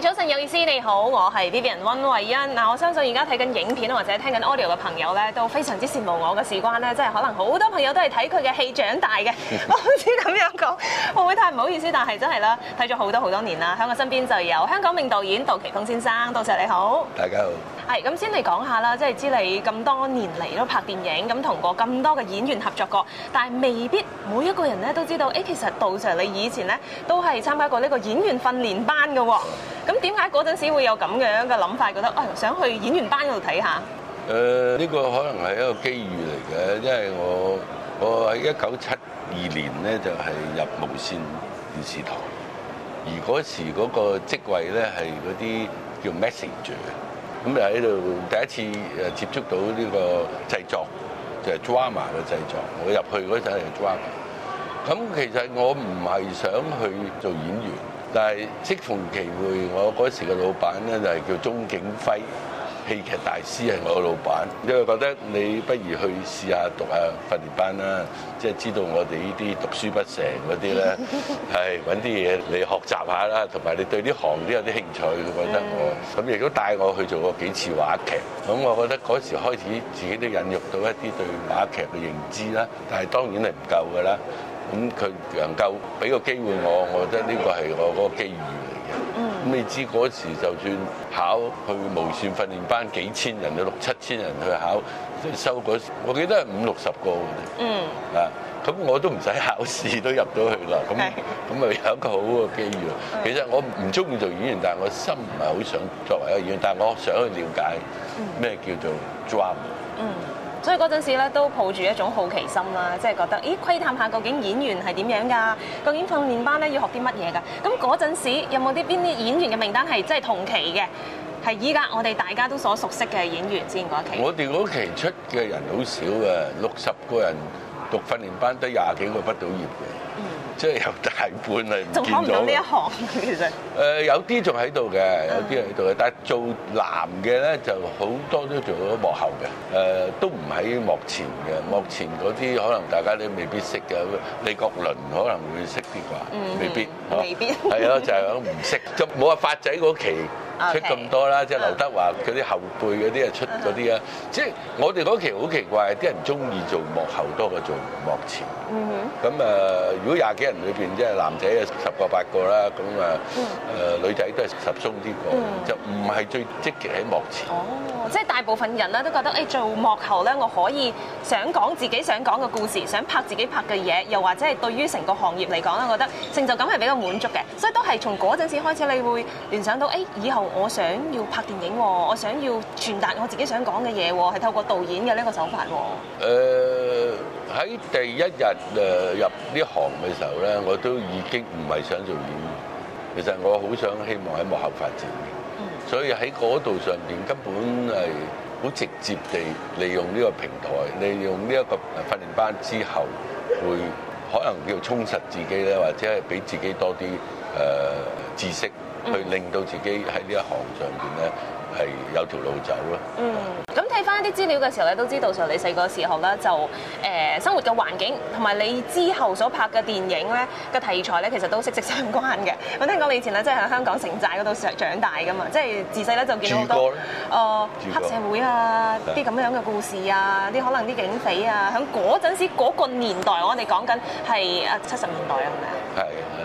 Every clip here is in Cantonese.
早晨，有意思你好，我係 Vivian 溫慧欣。嗱，我相信而家睇緊影片或者聽緊 audio 嘅朋友咧都非常之羨慕我嘅，事關咧，即係可能好多朋友都係睇佢嘅戲長大嘅。我好似咁樣講，會唔會太唔好意思？但係真係啦，睇咗好多好多年啦。喺我身邊就有香港名導演杜琪峰先生，多謝你好，大家好。係咁先嚟講下啦，即係知你咁多年嚟都拍電影，咁同過咁多嘅演員合作過，但係未必每一個人咧都知道。誒，其實到時你以前咧都係參加過呢個演員訓練班嘅喎。咁點解嗰陣時會有咁樣嘅諗法，覺得誒、哎、想去演員班度睇下？誒、呃，呢、這個可能係一個機遇嚟嘅，因為我我喺一九七二年咧就係、是、入無線電視台，而嗰時嗰個職位咧係嗰啲叫 Messenger。咁就喺度第一次誒接觸到呢個製作，就係 drama 嘅製作。我入去嗰陣係 drama，咁其實我唔係想去做演員，但係適逢其會，我嗰時嘅老闆咧就係叫鍾景輝。戲劇大師係我個老闆，因為覺得你不如去試下讀下訓練班啦，即係知道我哋呢啲讀書不成嗰啲咧，係揾啲嘢嚟學習下啦，同埋你對呢行都有啲興趣，佢覺得我咁亦都帶我去做過幾次話劇，咁我覺得嗰時開始自己都引入到一啲對話劇嘅認知啦，但係當然係唔夠㗎啦，咁佢能夠俾個機會我，我覺得呢個係我嗰個機遇。咁你知嗰時就算考去無線訓練班幾千人，六七千人去考，收嗰時我記得係五六十個嘅。嗯。啊，咁我都唔使考試都入到去啦。咁咁咪有一個好嘅機遇。其實我唔中意做演員，但係我心唔係好想作為一個演員，但係我想去了解咩叫做 drama。嗯。嗯。所以嗰陣時咧，都抱住一種好奇心啦，即係覺得，咦，窺探下究竟演員係點樣㗎？究竟訓練班咧要學啲乜嘢㗎？咁嗰陣時有冇啲邊啲演員嘅名單係即係同期嘅？係依家我哋大家都所熟悉嘅演員之前嗰期。我哋嗰期出嘅人好少嘅，六十個人讀訓練班得廿幾個畢到業嘅。即係有大半係唔見咗。仲考唔到呢一行其實？誒有啲仲喺度嘅，有啲喺度嘅，但係做男嘅咧就好多都做咗幕後嘅，誒、呃、都唔喺幕前嘅。幕前嗰啲可能大家都未必識嘅，李國麟可能會識啲啩，嗯、未必，啊、未必。係 啊，就係咁唔識，就冇話發仔嗰期。出咁多啦，Okay. 即係劉德華嗰啲後輩嗰啲啊，出嗰啲啊，huh. 即係我哋嗰期好奇怪，啲人中意做幕後多過做幕前。咁誒、uh huh.，如果廿幾人裏邊，即係男仔啊十個八個啦，咁誒誒女仔都係十鬆啲個就唔係最積極喺幕前。哦，oh, 即係大部分人咧都覺得誒、哎、做幕後咧，我可以想講自己想講嘅故事，想拍自己拍嘅嘢，又或者係對於成個行業嚟講咧，我覺得成就感係比較滿足嘅，所以都係從陣時開始，你會聯想到誒、哎、以後。我想要拍電影，我想要傳達我自己想講嘅嘢，係透過導演嘅呢個手法。誒、呃，喺第一日誒入呢行嘅時候咧，我都已經唔係想做演員，其實我好想希望喺幕後發展嘅，所以喺度上邊根本係好直接地利用呢個平台，利用呢一個訓練班之後，會可能叫充實自己咧，或者係俾自己多啲誒、呃、知識。去、嗯、令到自己喺呢一行上邊咧係有條路走咯。嗯，咁。睇翻啲資料嘅時候咧，都知道你時候你細個時候咧就誒、呃、生活嘅環境同埋你之後所拍嘅電影咧嘅題材咧，其實都息息相關嘅。我聽講你以前咧即係喺香港城寨嗰度長大嘅嘛，即係自細咧就見到好多誒黑社會啊啲咁是樣嘅故事啊，啲可能啲警匪啊，喺嗰陣時嗰、嗰個年代，我哋講緊係啊七十年代啊，係咪啊？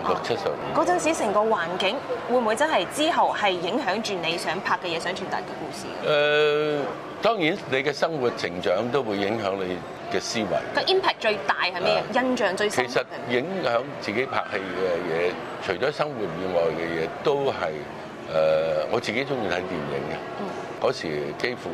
係六七十年代。嗰陣、哦、時成個環境會唔會真係之後係影響住你想拍嘅嘢，想傳達嘅故事？誒、嗯。當然，你嘅生活成長都會影響你嘅思維。個 impact 最大係咩？印象最深？其實影響自己拍戲嘅嘢，除咗生活以外嘅嘢，都係誒、呃、我自己鍾意睇電影嘅。嗰時幾乎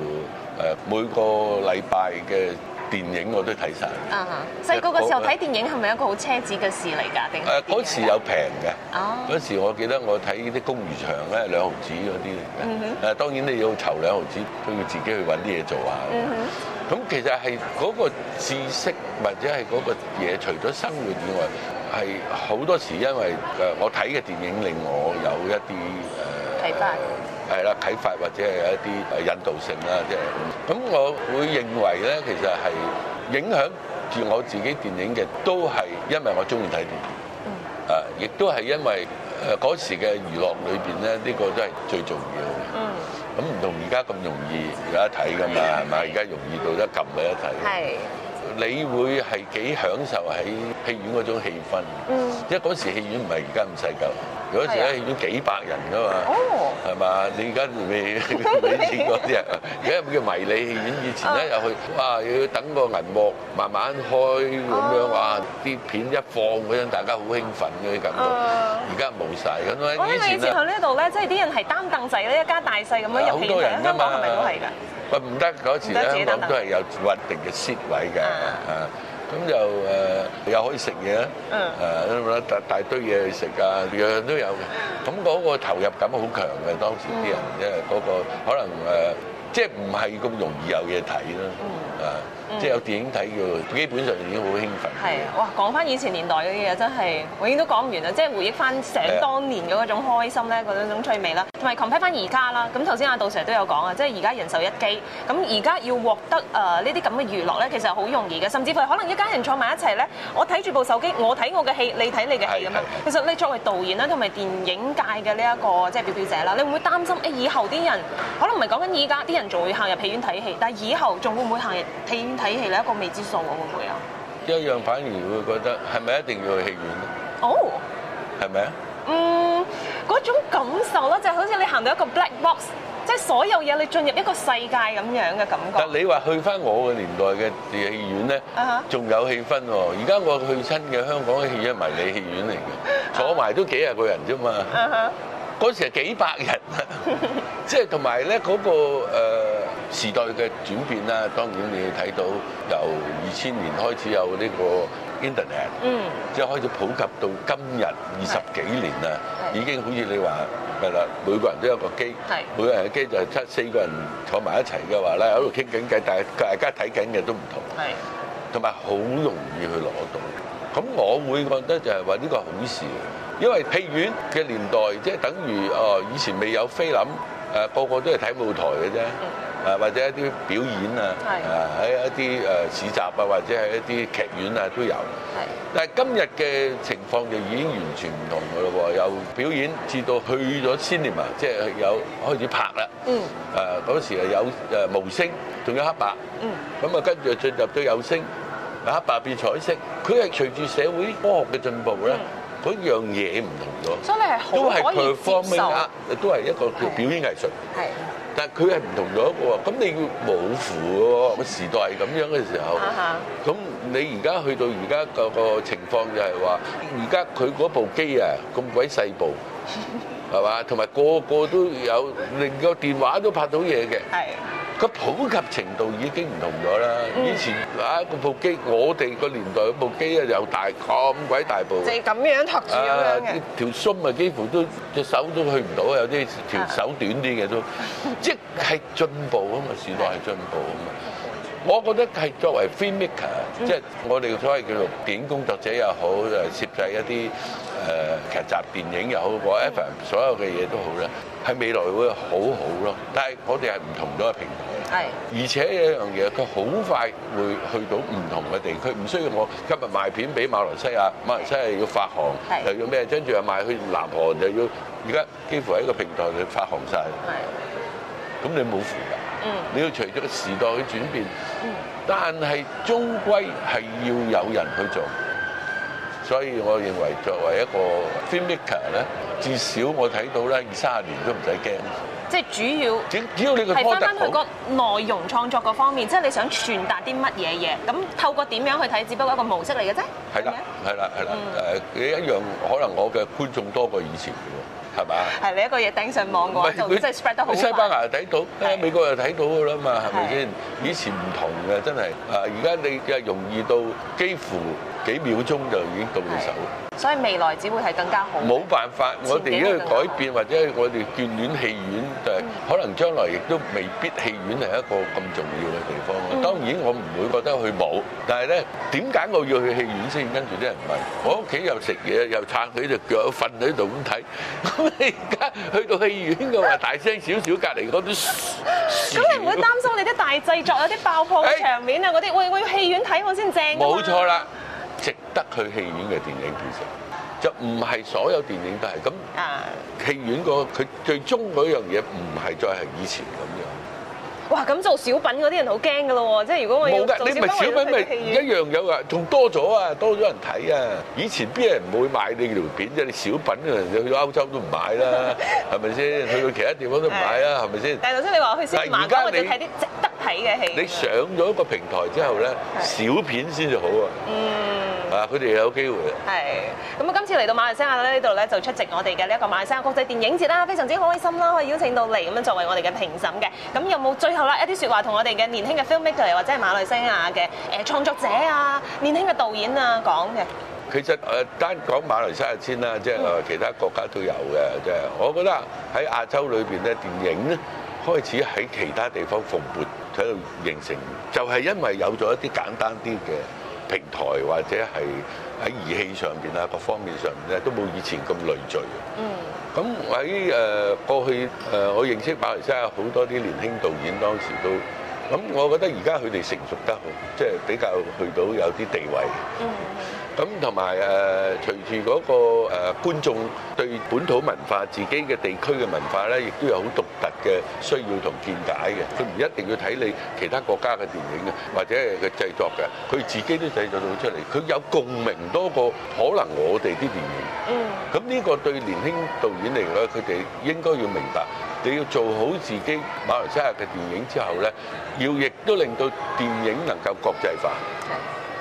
誒每個禮拜嘅。電影我都睇晒，啊、uh，細、huh. 個嗰時候睇電影係咪一個好奢侈嘅事嚟㗎？定誒嗰時有平嘅。哦。嗰時我記得我睇啲公餘場咧兩毫子嗰啲嚟嘅。嗯哼、uh。Huh. 當然，你要籌兩毫子都要自己去揾啲嘢做下。咁、uh huh. 其實係嗰個知識或者係嗰個嘢，除咗生活以外，係好多時因為誒我睇嘅電影令我有一啲誒。提升。係啦，啟發或者係有一啲誒引導性啦，即係咁。我會認為咧，其實係影響住我自己電影嘅，都係因為我鍾意睇電影。嗯、啊，亦都係因為誒嗰、呃、時嘅娛樂裏邊咧，呢、呢個都係最重要嘅。咁唔同而家咁容易有得睇㗎嘛，係咪、嗯？而家容易到得撳嘅一睇。嗯。你會係幾享受喺戲院嗰種氣氛？嗯，因為嗰時戲院唔係而家咁細嚿，嗰時咧，戲院幾百人噶嘛，哦，係嘛？你而家未未見過啲人，而家有叫迷你戲院。以前一入去，哇、啊啊，要等個銀幕慢慢開咁樣，哇、啊，啲、啊、片一放嗰陣，大家好興奮嗰啲感覺，而家冇晒，咁樣。以前去呢度咧，即係啲人係擔凳仔咧，一家大細咁樣入戲院，香港係咪都係㗎？唔得，嗰時咧，香港都係有穩定嘅蝕位嘅，啊咁、嗯、就誒又、呃、可以食嘢，嗯、啊咁樣大、大堆嘢去食啊，樣樣都有嘅，咁、那、嗰個投入感好強嘅，當時啲人因為嗰個可能誒。呃即係唔係咁容易有嘢睇咯，啊、嗯，即係有電影睇嘅，基本上已經好興奮。係，哇！講翻以前年代嗰啲嘢真係，永遠都講唔完啦。即係回憶翻成當年嗰一種開心咧，嗰種趣味啦。同埋 compare 翻而家啦，咁頭先阿杜 Sir 都有講啊，即係而家人手一機，咁而家要獲得誒呢啲咁嘅娛樂咧，其實好容易嘅。甚至乎可能一家人坐埋一齊咧，我睇住部手機，我睇我嘅戲，你睇你嘅戲咁樣。其實你作為導演啦，同埋電影界嘅呢一個即係表表者啦，你唔會，會擔心誒、哎？以後啲人可能唔係講緊而家啲人、人。仲會行入戲院睇戲，但係以後仲會唔會行入戲院睇戲咧？一個未知數啊，會唔會啊？一樣反而會覺得係咪一定要去戲院咧？哦、oh.，係咪啊？嗯，嗰種感受咧，就係、好似你行到一個 black box，即係所有嘢你進入一個世界咁樣嘅感覺。但係你話去翻我嘅年代嘅戲院咧，仲、uh huh. 有氣氛喎、哦。而家我去親嘅香港嘅戲院，迷你戲院嚟嘅，uh huh. 坐埋都幾廿個人啫嘛。Uh huh. 嗰時係幾百人，即係同埋咧，嗰個誒時代嘅轉變啦。當然你睇到由二千年開始有呢個 internet，即係開始普及到今日二十幾年啦，是 已經好似你話係啦，每個人都有個機，是 每個人嘅機就係七四個人坐埋一齊嘅話咧，喺度傾緊偈，但係大家睇緊嘅都唔同，同埋好容易去攞到。咁我會覺得就係話呢個好事。因為戲院嘅年代，即係等於哦，以前未有菲林，誒、呃、個個都係睇舞台嘅啫，誒、嗯、或者一啲表演啊，誒喺是的、呃、一啲誒市集啊，或者係一啲劇院啊都有。係，是的 但係今日嘅情況就已經完全唔同噶咯喎，由表演至到去咗千年啊，即係有開始拍啦。嗯、呃。誒嗰時有誒無聲，仲有黑白。嗯。咁啊，跟住進入咗有聲，黑白變彩色，佢係隨住社會科學嘅進步咧。嗯嗯嗰樣嘢唔同咗，都係佢方面呀，都係一個佢表演藝術。係，但係佢係唔同咗個喎，咁你要冇符喎。咁時代係咁樣嘅時候，咁你而家去到而家個情況就係話，而家佢嗰部機啊咁鬼細部，係嘛？同埋個個都有，連個電話都拍到嘢嘅。係。個普及程度已經唔同咗啦。嗯，以前啊，部機，我哋個年代部機啊又大咁鬼大部，就係咁樣托住咁樣嘅，啊，條鬆咪幾乎都隻手都去唔到，有啲條手短啲嘅都，即係進步啊嘛，時代係進步啊嘛。嗯 我覺得係作為 filmmaker，即係我哋所謂叫做電影工作者又好，誒攝製一啲誒劇集電影又好，whatever 所有嘅嘢都好咧，喺未來會好好咯。但係我哋係唔同咗嘅平台，係是而且有一樣嘢，佢好快會去到唔同嘅地區，唔需要我今日賣片俾馬來西亞，馬來西亞要發行，又是要咩？跟住又賣去南韓，就要而家幾乎喺一個平台度發行曬，咁是你冇負擔。嗯、你要隨住個時代去轉變，嗯、但係終歸係要有人去做，所以我認為作為一個 filmmaker 呢，至少我睇到咧，二三十年都唔使驚。即係主要只，只要你個 product 好，係翻返去個內容創作個方面，即係你想傳達啲乜嘢嘢，咁透過點樣去睇，只不過一個模式嚟嘅啫。係啦，係啦，係啦，誒，你一樣可能我嘅觀眾多過以前嘅喎，係嘛？係你一個嘢頂上網，我就真係 spread 得好。西班牙睇到，誒美國又睇到嘅啦嘛，係咪先？以前唔同嘅，真係啊！而家你又容易到幾乎幾秒鐘就已經到你手，所以未來只會係更加好。冇辦法，我哋要去改變，或者我哋眷戀戲院，就係可能將來亦都未必戲院係一個咁重要嘅地方。當然我唔會覺得佢冇，但係咧點解我要去戲院先？跟住啲人唔係我屋企又食嘢，又撐佢隻腳瞓喺度咁睇。咁你而家去到戲院嘅話，大聲少少，隔離嗰啲。咁你唔會擔心你啲大製作有啲爆破嘅場面啊嗰啲？我我戲院睇我先正。冇錯啦，值得去戲院嘅電影其實就唔係所有電影都係咁。戲院個佢最終樣嘢唔係再係以前咁。哇！咁做小品嗰啲人好驚噶咯，即係如果我冇你唔係小品咪一樣有啊？仲多咗啊，多咗人睇啊！以前邊人唔會買你條片即係，你小品嘅人，你去到歐洲都唔買啦，係咪先？去到其他地方都唔買啦，係咪先？但係頭先你話去小馬，我哋睇啲值得睇嘅戲。你上咗一個平台之後咧，小片先至好啊。的嗯。啊！佢哋有機會。係咁啊！今次嚟到馬來西亞咧呢度咧，就出席我哋嘅呢一個馬來西亞國際電影節啦，非常之開心啦，可以邀請到你咁樣作為我哋嘅評審嘅。咁有冇最後啦一啲説話同我哋嘅年輕嘅 filmmaker 或者係馬來西亞嘅誒創作者啊、年輕嘅導演啊講嘅？其實誒、呃、單講馬來西亞先啦，即係其他國家都有嘅。即係我覺得喺亞洲裏邊咧，電影咧開始喺其他地方蓬勃喺度形成，就係、是、因為有咗一啲簡單啲嘅。平台或者係喺儀器上邊啊，各方面上面咧都冇以前咁累贅。嗯。咁喺誒過去誒，我認識馬來西亞好多啲年輕導演當時都咁，我覺得而家佢哋成熟得好，即係比較去到有啲地位。嗯。咁同埋誒，隨住嗰個誒觀眾對本土文化、自己嘅地區嘅文化咧，亦都有好獨特嘅需要同見解嘅，佢唔一定要睇你其他國家嘅電影嘅，或者係佢製作嘅，佢自己都製作到出嚟，佢有共鳴多過可能我哋啲電影。嗯。咁呢個對年輕導演嚟講，佢哋應該要明白，你要做好自己馬來西亞嘅電影之後咧，要亦都令到電影能夠國際化。嗯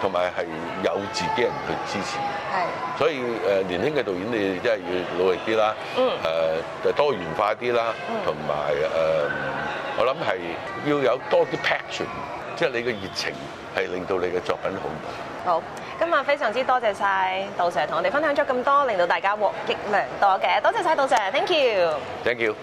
同埋係有自己人去支持，是的 所以誒年輕嘅導演你真係要努力啲啦、嗯呃，誒就多元化啲啦、嗯，同埋誒我諗係要有多啲 passion，即係你嘅熱情係令到你嘅作品好。好，今日非常之多謝晒，杜 Sir 同我哋分享咗咁多，令到大家獲益良多嘅，多謝晒，杜 Sir，Thank you。Thank you。